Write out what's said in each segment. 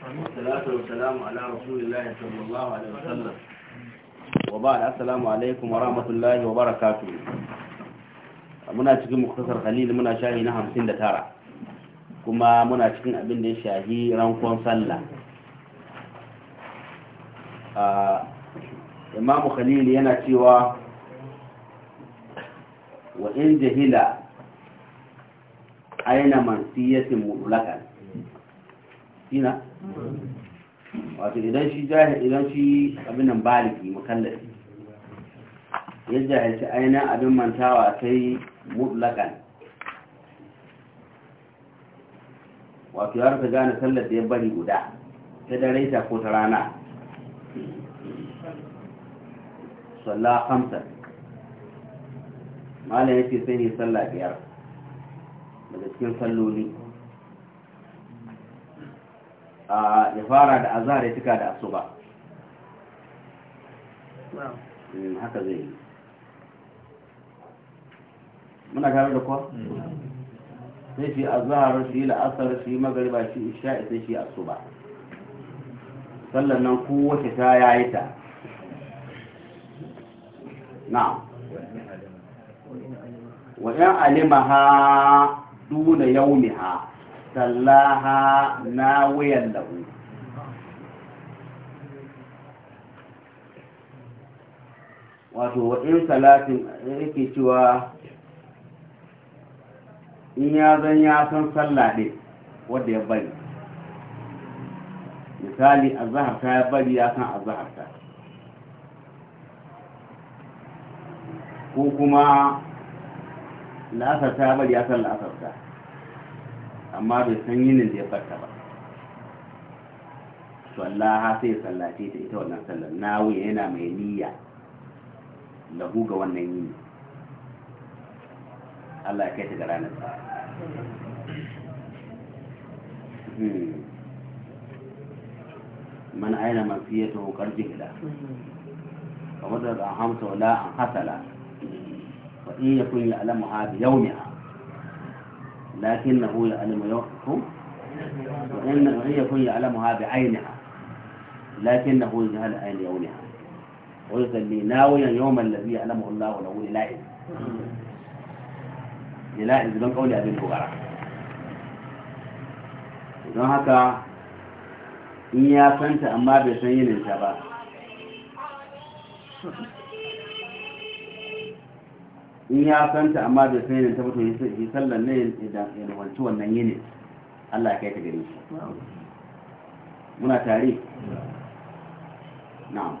salatu salamu ala assalamu alaikum wa rahmatullahi wa barakatu, muna cikin muktasar khalil muna shahi na 59 kuma muna cikin abin da ya shahi rankon sallah imamu khalil yana cewa wa in jahila aina siyasin mulakan ina wato idan shi jahil idan shi abin nan baliki makallafi ya jahilci ainihin abin mantawa ta yi mutlakan wato ya rufe gane sallar da ya bari guda ta dare ta ko ta rana sallah hamsin malam ya ce sai ne sallah biyar daga cikin salloli ya fara da azhar ya cika da asuba hmm, haka zai muna tare da kuwa hmm. sai shi azhar shi la'asar shi magariba shi isha sai shi asuba sallan nan kowace ta yayi ta na wa in alimaha duna yaumiha sallaha na wuyan lahu wato in salatin yake cewa in ya zan ya san sallah wadda ya bari misali a zaharta ya bari ya san a zaharta ko kuma la'asarta ya bari ya san la'asarta amma bai san yinin da ya farka ba sallaha sai sallace ta ita wannan sallar na wuya yana mai niyya lahu ga wannan yini Allah ya kai ta ga ranar sa hmm. man aina man fiye ta hukar jihila kamar da an hamsa wala an hasala fa in yakun ya alamu ha bi لكنه يعلم وإن يكون يعلمها بعينها لكنه يجهل عين يومها ويسمي ناويا يوم الذي يعلمه الله له للائذ إذ من قول أبي البغراء إذن هكا in ya أما بشيء bai san in ya santa amma bai san ta tabbatar ya sallan ne ya wanci wannan yini Allah ya kai ta gare shi muna tare na'am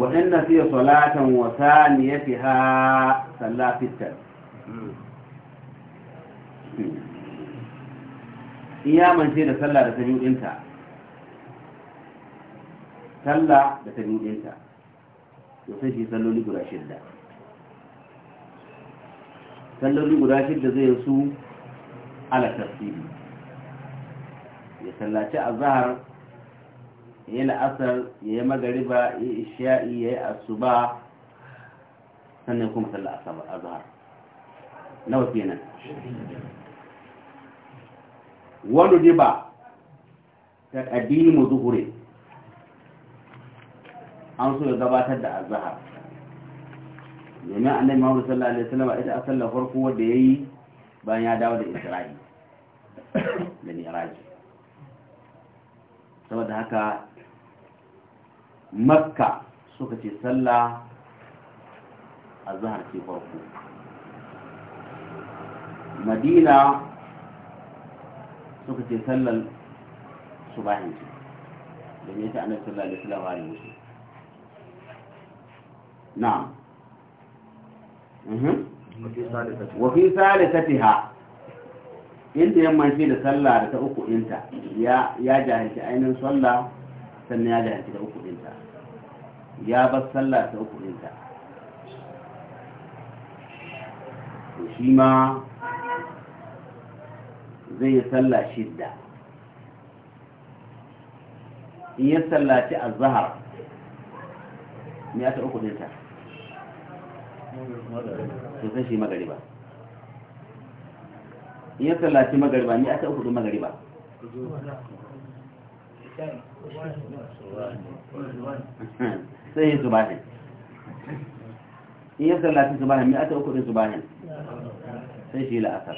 wa inna fi salatan wa saniyatiha sallafitan in ya mance da sallah da tajudinta sallah da tajudinta to sai shi salloli guda shidda salloli guda shidda zai su ala tafsiri ya sallaci azhar ya yi la'asar ya yi magariba ya yi isha'i ya yi asuba sannan kuma sallar azhar nawa kenan wani diba ta mu zuhure an so ya gabatar da azhar domin annabi Muhammad sallallahu alaihi wasallam ita a sallar farko ya yi bayan ya dawo da Isra'i da Mi'raj saboda haka Makka suka ce sallah azhar ce farko Madina suka ce sallar su subahin ce domin ita annabi sallallahu alaihi wasallam na'am Mhm. wafi sale salisatiha inda yammanci da sallah da ta uku inta, ya jahanci ainihin sallah sannan ya jahanci da uku inta, ya bar sallah ta uku inta, to shi ma zai yi sallah shidda in ya sallaci a zahar ne ta uku inta. to sai shi magariba in ya magariba ni aka uku magariba sai yi zubahin in ya zubahin subahin ni aka uku zubahin sai shi la'asar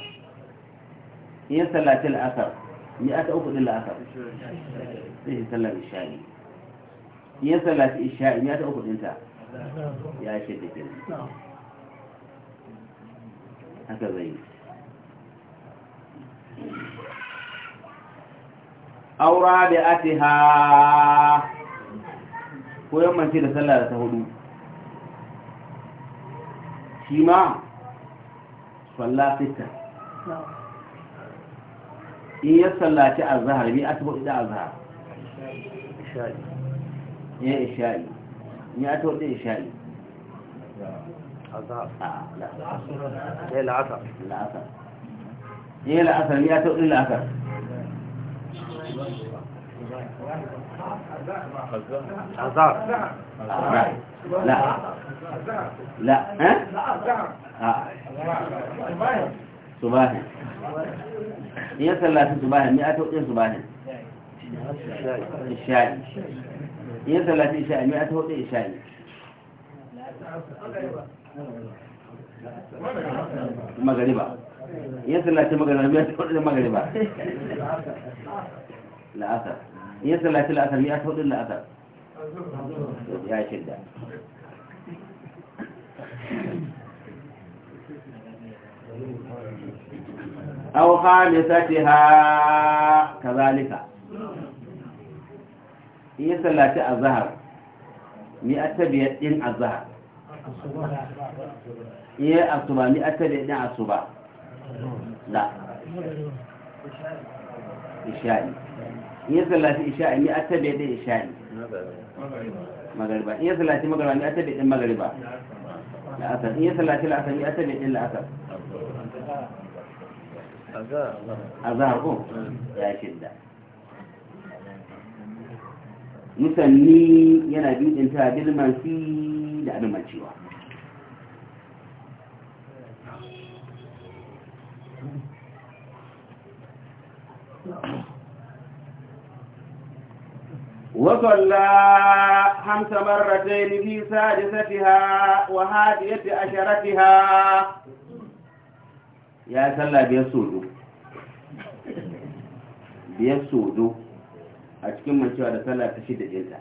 in ya sallaci la'asar ni aka uku la'asar sai shi sallar isha'i in ya sallaci isha'i ni aka uku ta ya shirya kenan haka zai aura da ha ko manci da sallah da ta hudu shi ma sallah sita in ya sallaci zahar bi atbu ida azhar isha'i ya isha'i ya tabo ita isha'i آه، لا لا هي العصر العصر هي العصر العصر لا لا لا ها؟ ها آه. صباحا هي ثلاثة صباحا مئة تؤذي صباحا الشاي هي ثلاثة إشاء مئة تؤذي إشاء المغربة يسر لا تبقى لا أثر يسر لا مئة فرد لا أثر يا شدة أو خامستها كذلك يسر لا الظهر مئة بيئة الظهر iya asuba ni ata da ɗin asuba la isha'i iya salati isha'i ni ata da ɗin isha'i magariba iya salati magariba ni ata da ɗin magariba la'asar iya salati la'asar ni ata da ɗin la'asar azhar ko ya shidda yusanni yana bidinta bilman fi da abin cewa وصلى خمس مرتين في سادستها وهادية أشرتها يا سلا بيسودو بيسودو a cikin mancewa da sallah ta shida ɗinta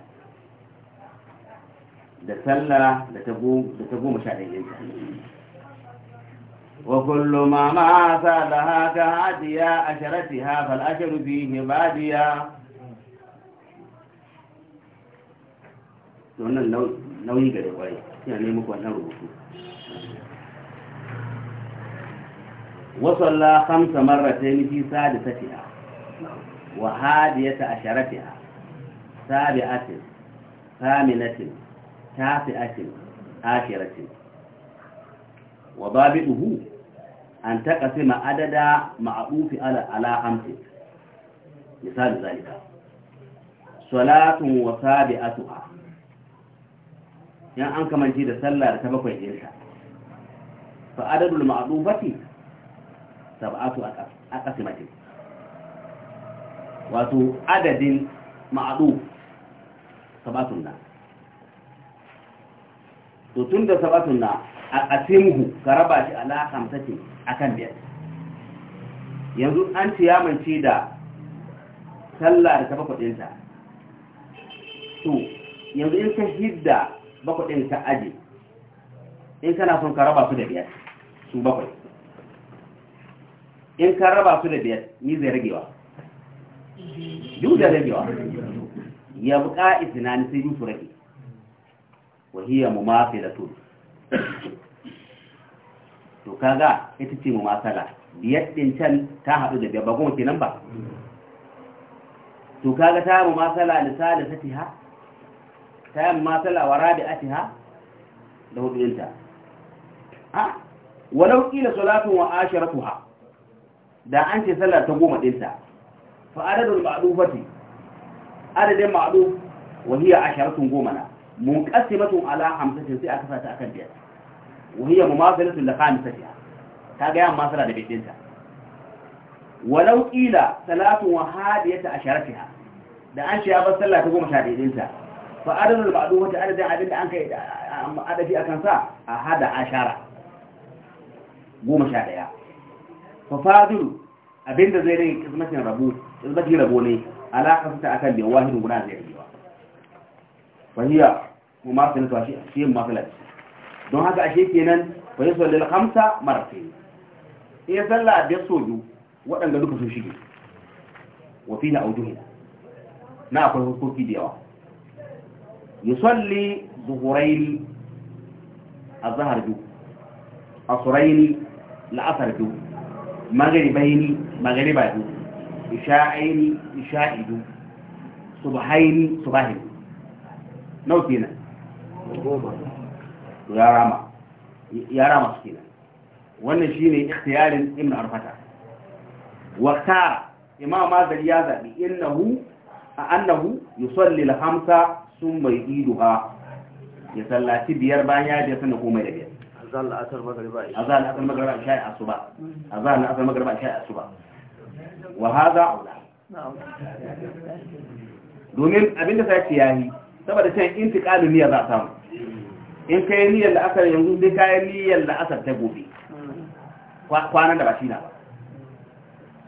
da sallah da ta goma sha ɗinta wa kullu ma ma sa da haka hadiya a sharati ha fal'ashiru fihi badiya wannan nauyi gare kwarai suna nemi wannan rubutu wasu Allah kamsa marrata ya nufi sa Wahadi ya ta'ashar rafiya, safe asin, sami nasin, Wa babu an takasima adada ma'aifi al'amfi, misali za kai. Salatin wa safe yan anka mace da sallar ta bakwai yanka. Fa a daddun ma'aifatu, daba asu a wato adadin ma'adu sabatunna na to tun da sabatunna na a asimu ka raba shi ala hamsatin akan biyar yanzu an ci yamance da sallah da ta bakwadinta to yanzu in ka hidda bakwadin ka aji in kana son ka raba su da biyar su bakwai in ka raba su da biyar ni zai ragewa biyu da rabewa ya buƙa izinani sai biyu su rabe wahiyya mu mafi da to kaga ita ce mu masala biyar ɗin can ta haɗu da biyar ba goma kenan ba to kaga ta mu masala lisali satiha ta mu masala wa rabi'atiha da hudunta a walau kila salatun wa asharatuha da an ce sallah ta goma ɗinta fa'adadul ma'lufati adadin ma'luf wa hiya asharatun gomana munqasimatun ala hamsatin sai aka sata akan biyar wa hiya mumathalatun li khamisatiha kaga yan masala da bidinta walau qila salatun wa hadiyata asharatiha da an shiya sallah ta goma sha ɗaya fa adadul adadin abin an kai a hada ashara goma sha ɗaya fadul abinda zai rage kismatin rabu isbati rabo ne alaƙa ta akan da wahidin guda zai yi ba. wa fahiya kuma sai to shi shi masalan don haka ashe kenan fa yusalli al khamsa marratayn in sallah da soju waɗanda duka sun shige wa fihi awjuhin na akwai hukuki da yawa Ya zuhurairi a zahar azhar a asrayn la'asar du maghribayn maghribayn isha'aini isha'idu subhaini subhaini nau kenan ya rama ya rama su kenan wannan shine ikhtiyarin ibn arfata waqtara imam mazali ya zaɓi, innahu annahu yusalli sun khamsa thumma yiduha ya sallati biyar bayan ya da sanin komai da biyar A zan magriba isha azal asar magriba isha asuba wa haza domin domin abinda sai ce yi saboda can intiqalu niyyar za samu in kai niyyar la'asar yanzu dai kai niyyar la'asar ta gobe kwanan da ba shi na ba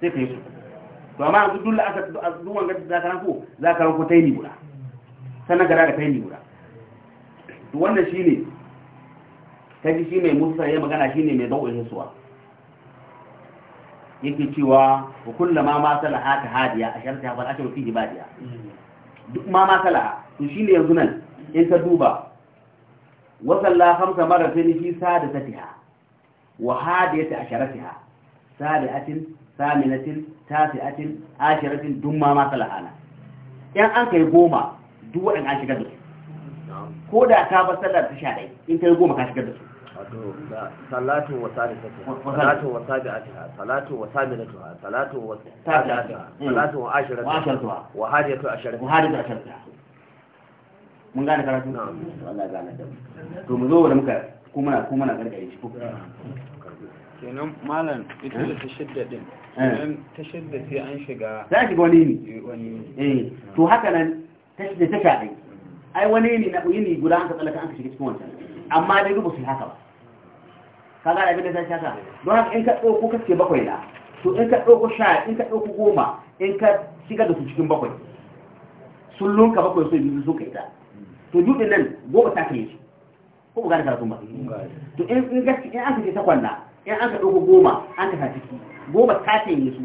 sai kai su to amma yanzu duk la'asar duk wanga da ka ranko za ka ranko ta yi ni guda sannan gara da ta yi ni guda to wannan shine kaji shine musa ya magana shine mai dawo hisuwa yake cewa wa kulla ma salaha ta hadiya a sharta ba ashru fi badiya duk ma ma salaha to shine yanzu nan in ka duba wa salla khamsa maratin fi sadatiha wa hadiyati asharatiha sabi'atin saminatin tasi'atin asharatin duk ma ma salaha na yan an kai goma duk wa'in an shiga da su ko da ka ba sallar ta sha dai in kai goma ka shiga da su salatu wa salatu wa sabi'atuha salatu wa saminatuha salatu wa sabi'atuha salatu wa ashiratuha wa hadiyatu ashiratuha wa hadiyatu ashiratuha mun gane karatu Allah gane da to mu zo da muka kuma na kuma na gargare shi ko kenan malam ita da ta shidda din eh. ta shidda sai an shiga za shiga wani ne eh, eh to haka nan ta shidda ta shaɗi ai wani ne na yini guda an ka tsallaka an ka shiga cikin wancan amma dai ba su haka ba ka gane abin da zan shata don haka in ka ɗauko kaske bakwai na to in ka ɗauko sha in ka ɗauko goma in ka shiga da su cikin bakwai sun lunka bakwai so biyu sun kai ta to juɗin nan goma ta kai shi ko ba gane karatun ba to in gaske in an kace takwan na in an ka ɗauko goma an ka sa ciki goma ta kai su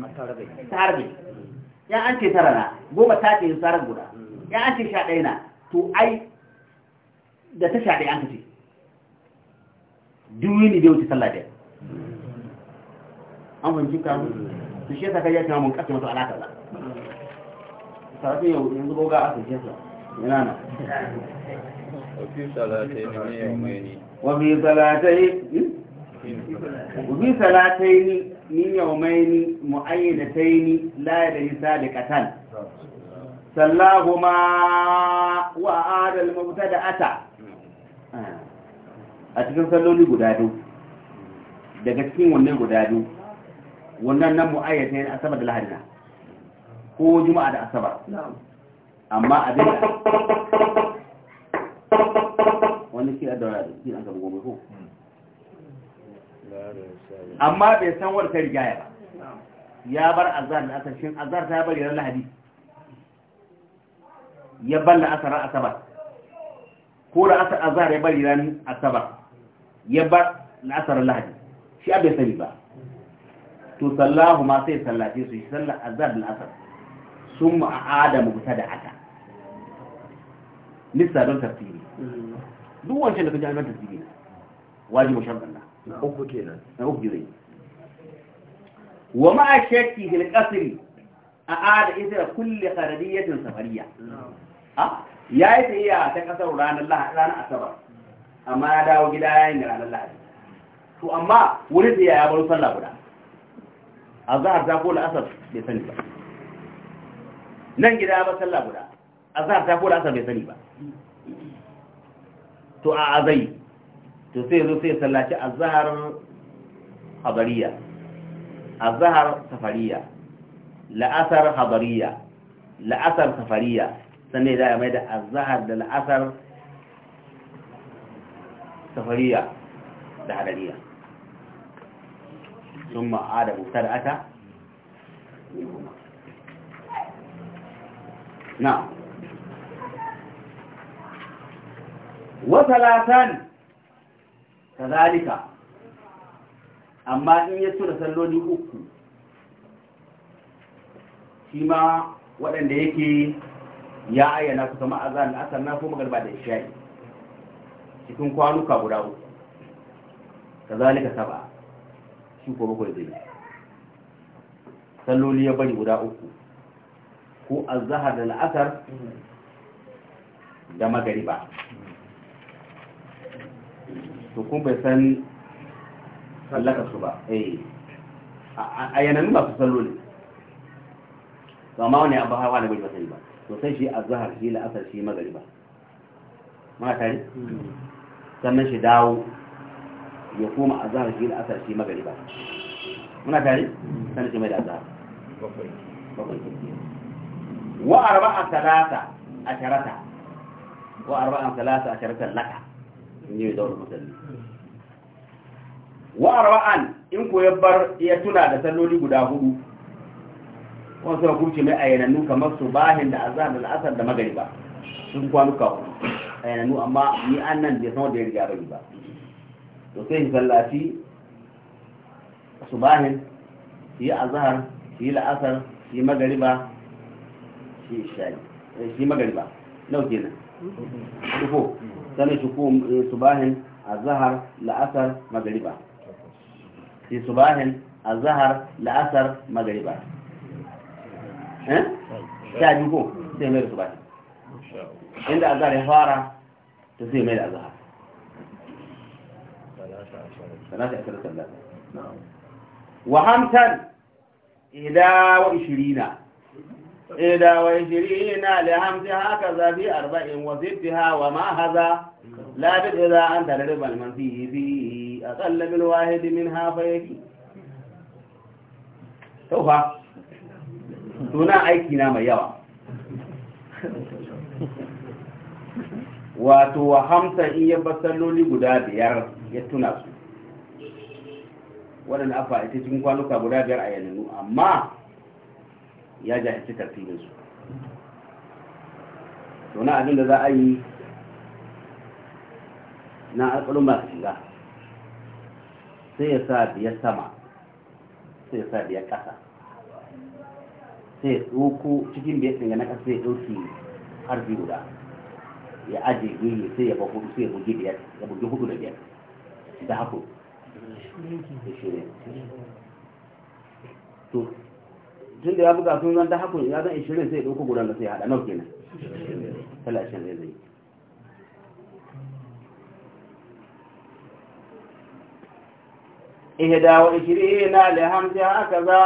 ta harbe ya an ce tara na goma ta kai su ta guda ya mm. an ce sha ɗaya na to ai da ta sha ɗaya an ka kace duk wani bai wuce sallah ɗaya. an fahimci ka su shi yasa kama mun kasu masu alaka ba sarafin yau yanzu ko ga shi yasa? yana na wafi salatai ne yau mai ne wafi salatai ni, hmm? salatai ne ni yau mai ni mu'ayyadatai ni la da nisa da katal ma wa adal mabta da ata a cikin salloli guda biyu daga cikin wannan guda biyu wannan nan mu'ayyata ne asabar da lahadina, ko juma'a da asabar amma abin wani shi da wani an gaba gobe ko amma bai san wadda ta rigaya ba ya bar azar da asar shin azar ta bari ran lahadi ya balla asar asabar ko da asar azar ya bari ran asabar ya bar la'asar lahadi shi abin sani ba to sallahu ma sai sallace su shi sallar azhar da la'asar sun ma'ada mubta da aka lissa don tafsiri duk wancan da kaji an tafsiri ne wajibu shartan na uku kenan na uku zai wa ma'a shakki fil qasri a'ada ita kulli qaradiyatin safariya ha yayi tafiya ta kasar ranar lahadi ranar asabar amma ya dawo gida ya yi da ranar lahadi to amma wani tsaye ya baro sallah guda a zahar ta ko la'asar bai sani ba nan gida ya bar sallah guda a zahar ta ko la'asar bai sani ba to a azai to sai zo sai sallaci a zahar habariya a zahar safariya la'asar habariya la'asar safariya sannan ya mai da azahar da la'asar safariya da hadariya sun da ma'ada ata na ta zalika amma in ya tura salloli uku shi ma waɗanda yake ya ayyana su kama azan asar na kuma garba da isha'i cikin kwanuka guda uku zalika saba shi ko bakwai zai salloli ya bari guda uku ko azahar da la'asar da magariba to kun bai san sallaka su ba eh. a yanayin ba su salloli to amma wani abu hawa na bai ba sai ba to sai shi azahar shi la'asar shi magariba ma tare hmm. sannan shi dawo ya koma a zahar shi na asar shi ba, muna tare sannan shi mai da azahar wa arba a talata a sharata wa arba a talata a sharata laka in yi zaura musalli wa arba'an in ko ya bar ya tuna da salloli guda hudu wasu hukunci mai ayyanannu kamar su bahin da azahar da asar da magariba sun kwanuka hudu ayananu amma ni an nan bai san da ya riga bari ba to sai shi sallaci subahin shi azhar shi la'asar shi magariba shi shayi eh, shi magariba nau kenan shuko sannan shuko eh, subahin azhar la'asar magariba shi subahin azhar la'asar magariba eh sha biyu sai mai subahin inda azhar ya fara ta zai mai da azhar wa hamtan ishirina ila haka za arba'in wa ziddiha wa ma haza la bi idza an tarib al man min wahid min ha fa yaki to fa aiki na mai yawa wato wa hamsa in ya ba salloli guda biyar ya tuna su waɗanda afa ita cikin kwanuka guda biyar a yanzu amma ya jahilci tartibin su to na abin da za a yi na alƙalin masu shiga sai ya sa biyar sama sai ya sa biyar ƙasa sai ya tsoko cikin biyar ɗin na ƙasa sai ya ɗauki biyu guda ya aje gini sai ya bako sai ya buge biyar ya buge hudu da biyar da haku to tun da ya buga sun zan da haku ya zan 20 sai ya dauko gudan da sai ya haɗa nau kenan talashin zai zai ihda wa ishirina li hamsiha kaza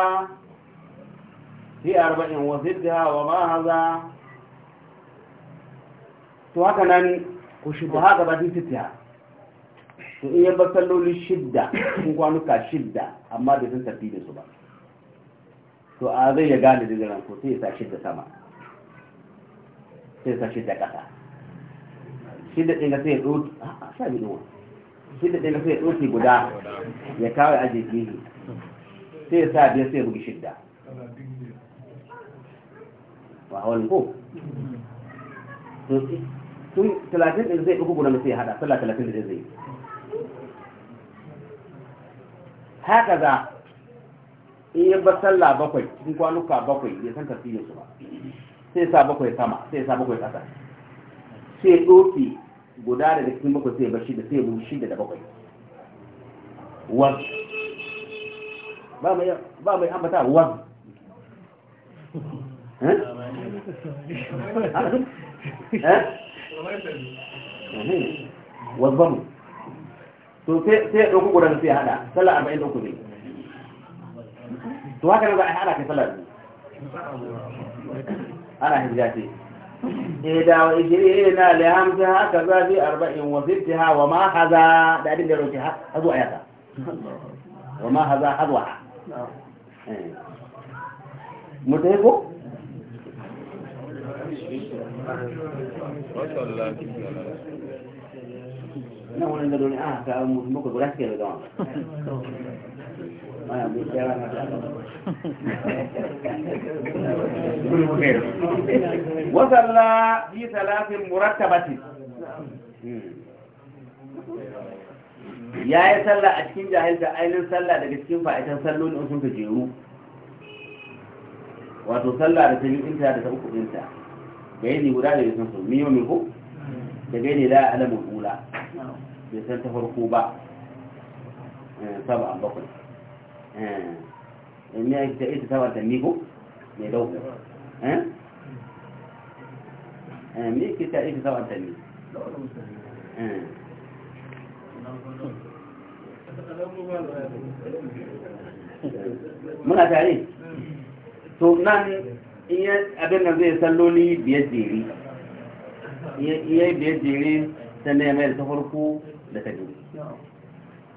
fi arba'in wa sittaha wa ma hadha to haka nan ku shigo haka ba titiya to in yabba salloli shidda sun kwanuka shidda amma da san tafi da su ba to a zai ya gane da jiran ko sai ya sa shidda sama sai ya sa shidda kasa shidda ɗin ga sai ya ɗauki a sha biyu shidda ɗin ga sai ya ɗauki guda ya kawo aje gehe sai ya sa biyar sai ya bugi shidda ba hawan ko tun talatin ɗin zai ɗuku gudanar sai ya hada, sallah talatin da zai haka za in yi bar sallah bakwai cikin kwanuka bakwai ya san tafiyar su ba sai sa bakwai sama sai sa bakwai ƙasa sai ɗoki guda daga cikin bakwai sai bar shida sai bu shida da bakwai waz ba mai ambata waz eh wasbamu to sai ɗauku ƙudan sai haɗa arba'in 43 ne to haka nan za a haɗa ka tsala ne ana hijira ce ne eh, da wa ijiri ne na alhamsu haka za fi arba'in wasu ti ha wa ma haza da adin da roke hazu a yata wa ma haza hazu a ha eh. mutu ya ko No, nendo ni ah, ka mo mo ko gracia lo don. Ah, mi se va a وصلى في ثلاث مرتبة ya yi sallah a cikin jahilta ainihin sallah daga cikin fa'itan sallolin sun ka jeru wato sallah da ta yi inta da ta uku inta بيني ولا لا يسمى من يوم هو لا علم الأولى نعم. بسنة فرقوبة آه، سبعة بقل آه، إن إيه سبعة تنميه لدوه ها منين كده إيه سبعة تنميه muna tare to nan in abin nan zai salloli biyar jere iya biyar jere sannan ya mai ta farko da ta jere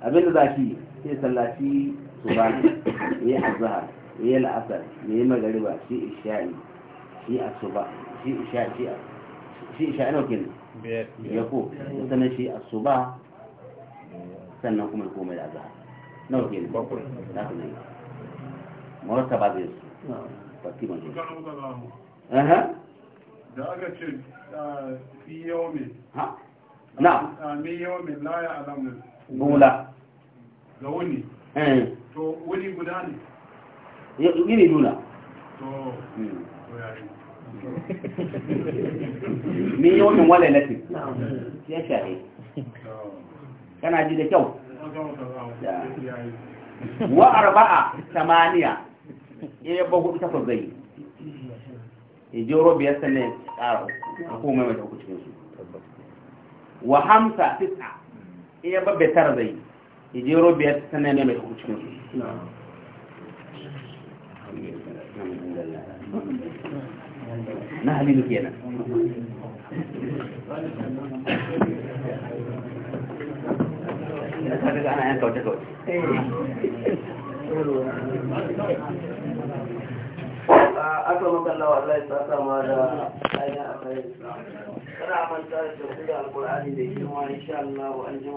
abin da za shi sai sallaci su ba ya yi azahar ya yi la'asar ya yi magariba shi isha'i shi a shi ba shi shi isha ina kin ya ko sannan shi asuba sannan kuma komai da azahar na kin bakwai na kuma ta ba zai su fatima ne da aka ce fi yomi na mi yomi la ya alamu gula ga wuni to wuni guda ne yini nuna to mi yomi wale latin ya shahi kana ji da kyau wa arba'a samaniya ya yabba hudu takwas zai ya biyar sene ya ƙara kuma cikin su wa hamsa tisa ya bai tara zai ya jero biyar sene ya mai uku cikin su na halilu kenan ana yan aka makallawa Allah ya saka ma da ainihin a kai kana manta da tafiya alkur'ani da girma insha Allah an jima